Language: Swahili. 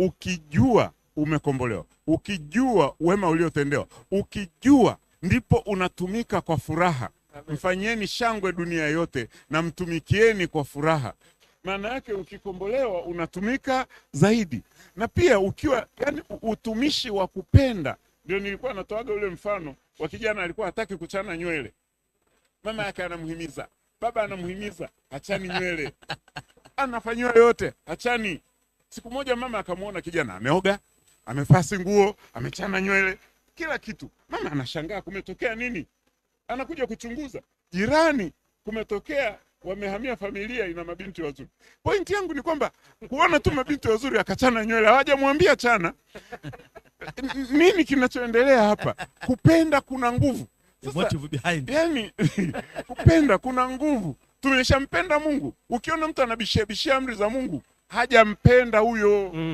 ukijua umekombolewa, ukijua wema uliotendewa, ukijua ndipo unatumika kwa furaha. Mfanyieni shangwe dunia yote na mtumikieni kwa furaha. Maana yake ukikombolewa unatumika zaidi, na pia ukiwa yani, utumishi wa kupenda. Ndio nilikuwa natoaga ule mfano wa kijana alikuwa hataki kuchana nywele, mama yake anamhimiza, baba anamhimiza, hachani nywele, anafanyiwa yote, hachani Siku moja mama akamwona kijana ameoga, amefasi nguo, amechana nywele, kila kitu. Mama anashangaa kumetokea nini? Anakuja kuchunguza jirani, kumetokea wamehamia familia ina mabinti wazuri. Pointi yangu ni kwamba kuona tu mabinti wazuri akachana nywele, hawajamwambia chana. Nini kinachoendelea hapa? Kupenda kuna nguvu. Sasa, yani, kupenda kuna nguvu. Tumeshampenda Mungu. Ukiona mtu anabishia bishia amri za Mungu hajampenda huyo mm.